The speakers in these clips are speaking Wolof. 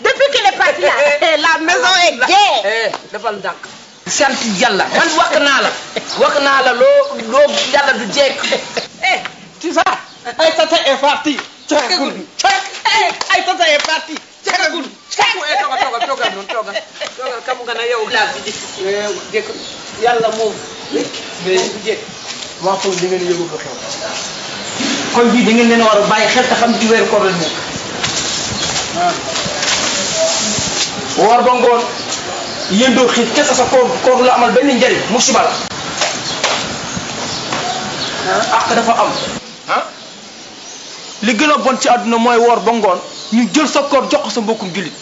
depuis qu'il est parti là la maison est gaie defal ndànk sant yàlla man wax naa la wax naa la loo loo yàlla du jekk eh tu sais ay tata est parti cakagul cak ay tata est parti cakagul cak toogal toogal toogal noonu toogal toogal kamu nga na yow daal bi jekk yàlla moom mais du jekk waxtu li ngeen yëgu ko xew kon bii da ngeen leen a war a bàyyi xel te xam ci weeru koor la nekk woor ba ngoon yëndoo xit kessa sa ko ko la amal ben njariñ musiba la ak dafa am li gën a bon ci aduna moy woor ba ngoon ñu jël sa koor jox sa mbokum julit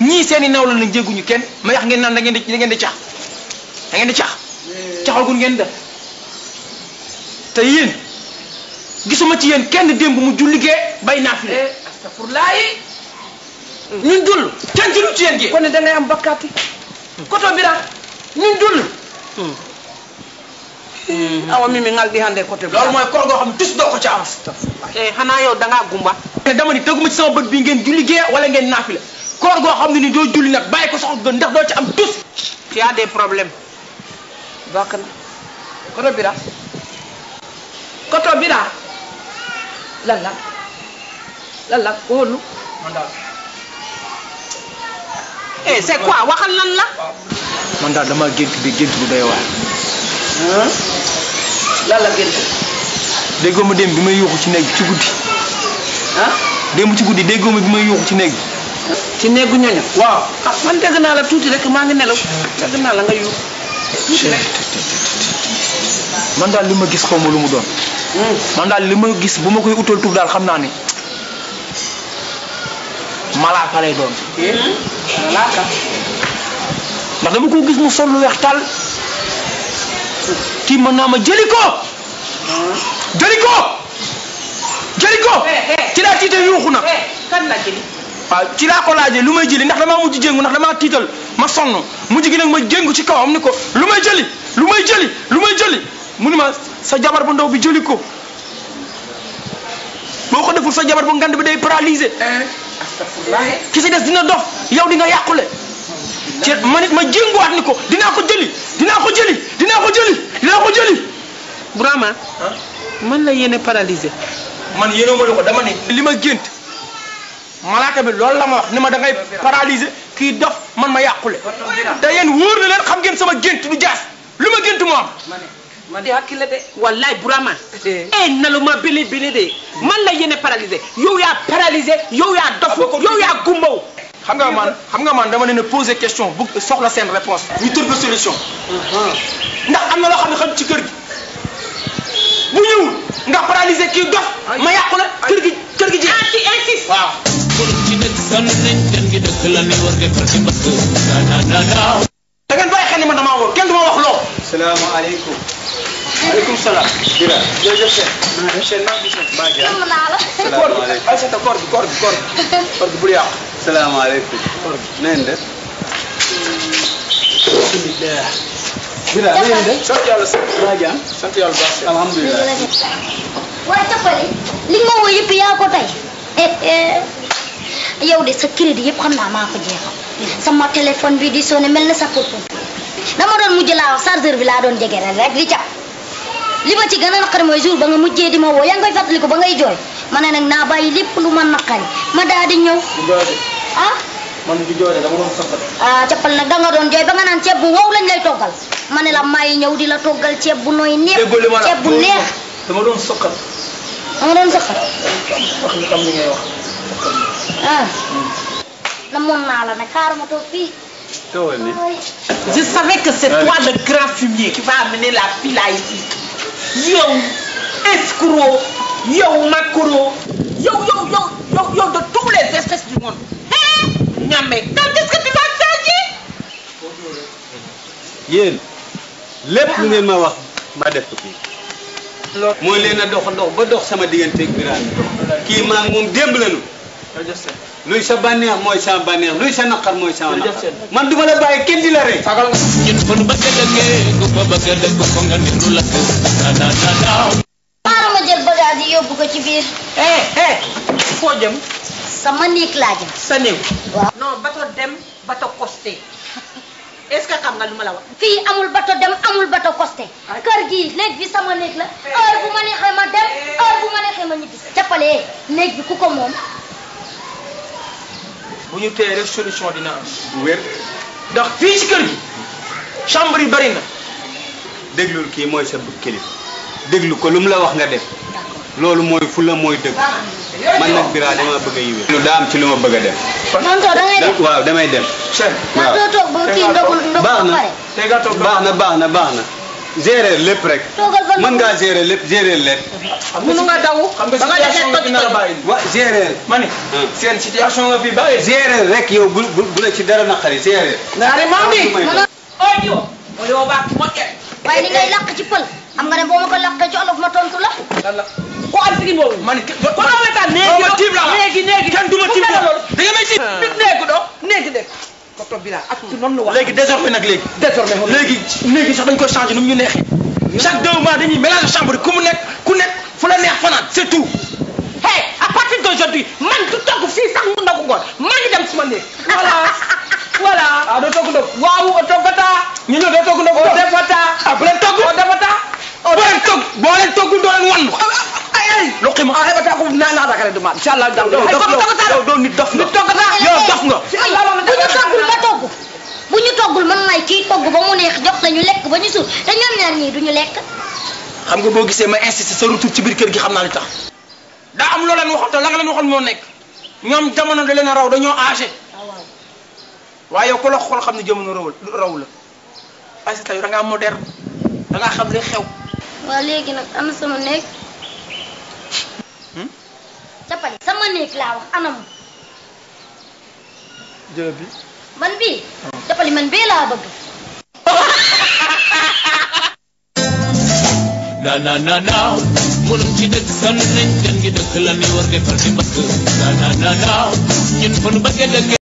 ñi seeni naw la lañ ñu kenn ma yax ngeen naan da ngeen di ngeen di cax da ngeen di cax caxagun ngeen da te gisuma ci yeen kenn dembu mu julligee bay naafile astafurlaayi ñun dul kenn ci ci yéen gi kon da am bakkaati koto bira ñun dul hmm. awa mi mi ngal di hande côté bi. loolu mooy kor goo xam ne tus doo ko ca am. te eh, xanaa yow da ngaa gumba. dama ni tëgguma ci sama bët bi ngeen julli gee wala ngeen naafila koor goo xam ne ni doo julli nag bàyyi ko soxla doon ndax doo ci am tus. tu as des problème baax na koto bira koto bira Eh, lan la góorlu. man daal. eh c'est gént bi gént bu doy waar. lan la gént. déggoo ma démb bi may yuuxu ci néeg ci guddi. ah. démb ci guddi déggoo ma bi may yuuxu ci néeg ci néegu ñoño waaw ah man dégg naa la tuuti rek maa ngi nelaw dégg naa la nga yuux tuuti rek man daal li ma gis xaw ma lu mu doon hmm. man daal li ma gis bu ma koy utal tur daal xam naa ni malaaka lay doon malaaka ndax dama ko gis mu sol lu weex tàll kii mën naa ma jëli ko jëli ko jëli ko eh, eh. ci laa tiital yuuxu na eh, waaw ci laa ko laajee lu may jëli ndax damaa mujj jéngu ndax damaa tiital ma sonn mujj gi nag ma jëngu ci kawam ni ko lu may jëli lu may jëli lu may jëli mu ni sa jabar bu ndaw bi jëli ko boo ko deful sa jabar bu ngande bi day paralysé ki si des dina dof yow di nga yàqule ci ma nit ma ni ko dinaa ko jëli dinaa ko jëli dinaa ko jëli dinaa ko jëli Burama man la yéene paralysé man yéene ma ko dama ne li ma gént malaaka bi lool la ma wax ni ma da ngay kii dof man ma yàqule da yéen wóor na leen xam ngeen sama gént du jaas li ma gént mu am man de hakkille de wallaay Burama e naluma bili bili de man la yéene paralysé yow yaa paralysé yow yaa dofu yow yaa gumbaw xam nga man xam nga man dama leen ne posé question bu soxla seen réponse ñu trouver solution uh-huh. ndax am na loo xam ne xam ci kër gi bu ñëw nga paralysé kii dof ma yàqu kër gi kër gi jeex ah, eh, ci insiste ci dëkk sonn nañ kër dëkk la ne war nga far ci mbëkk salaam. Bira. jërëjëf Cheikh. maa ngi Cheikh maa ngi Cheikh. maa ngi jàpp salaamaaleykum. Aïssata koor bul yàqu. salaamaaleykum. koor gi na ngeen def. alhamdulilah. Bira na ngeen def. sant yàlla baax na. alhamdulilah. waaye toppali. li nga ma woo yëpp yaa ko tey. yow de sa crédit yëpp xam maa ko jeexal. sama téléphone bi di sonné mel na sa popo. dama don mujj laa chargeur bi laa doon jege rek li cap li ma ci gëna naqari moy jour ba nga mujjé di mo wo ya ngi koy fàttaliku ba ngay joy mané nak na bayyi lepp lu ma naqari ma daa di ah man di joy dama don sabbat ah cappal nak da nga don joy ba nga nan ceeb bu wow lañ lay togal mané la may ñew di la togal ceeb bu nooy neex ceeb bu neex dama don sokkal dama don sokkal wax li ngay wax ah namon na la nag xaarama toog Je savais que c'est toi le grand fumier qui va amener la pile à ici. Yo, escroc, yo, macro, yo, yo, yo, yo, yo, de tous les espèces du monde. Hein? Nyame, quand ce que tu vas changer? Yen, lépp ma wax luy sa bànneex mooy sa bànneex luy sa naqar mooy sa naqar man duma la bàyyi kenn di la rey sagal nga ñun bu nu ko bëgg la ma jël ko ci biir eh, eh, laa jëm sa néeg waaw non dem bato costé ce que xam nga lu ma la kër gii néeg bi sama néeg la heure bu ma neexee ma dem eh. heure bu ma neexee ma ñibbi jàppale néeg bi ku ko moom bu ñu tee rek solution dina am. bu wér. ndax fii ci kër gi bari na. déglul kii mooy sa kilifa déglu ko lu la wax nga def loolu mooy fu la mooy dëgg man nag Bira dama bëgg a yiwee. lu ci lu ma bëgg a dem. Mansour da ngay dem damay dem. sëñ waaw baax na baax na baax na baax na. gérer lépp rek. mën ngaa gérer lépp gérer lépp. mën nga daw ba nga defee toj wa gérer. ma ne ah. seen situation nga fi bàyyi. gérer rek yow bu bu la ci dara naqari gérer. ndaare moom bi audio. audio baax moo kenn. waaye ni ngay lakk ci pël. xam nga ne boo ma ko lakkee ci olof ma tontu la. lan ko am si boobu. ma ne kenn du ma tiim la léegi léegi kenn du ma tiim la da nga may si. néegi do néegi de. toog bi ak ci noonu la wax. léegi désormais nag léegi. désormais xool léegi léegi sax dañ koy changé nu mu ñu neexee. chaque deux mois dañuy mélange chambre ku mu nekk ku nekk fu la neex fanaan c'est tout. hey à partir d'aujourd'hui man du togg fii sax mu ndogu ngoon maa ngi dem suma néeg. voilà voilà. ah doo togg ndogu. waaw o toggata. ñu ñëw doo togg ndogu. o defata. ah bu leen togg. o defata. o boo leen togg boo leen togg doo leen wan. Ah, ah, ay ay loqi ma ah ay ba taa ko naa naa dakale du ma. incha allah daaw doo dof nga yow dof nga. yow dof nga. togg ba mu neex jox la ñu lekk ba ñu suur te ñoom ñaar ñii duñu lekk. xam nga boo gisee ma insisté sa retour ci biir kër gi xam naa li tax daa am loo leen waxoon te la nga leen waxoon moo nekk ñoom jamono da leen raw dañoo âgé waaye yow ku la xool xam ne jamono raw raw la parce que da ngaa moderne da xam li xew. waaw léegi nag am sama néeg. cappañ hmm? sama néeg laa wax anam. jërëjëf. man bii. cappañ ah. man bee laa bëgg. na na na na mulum ci dëkk san nañ gën gi la ni war defal di na na na na ñun fa nu bëgg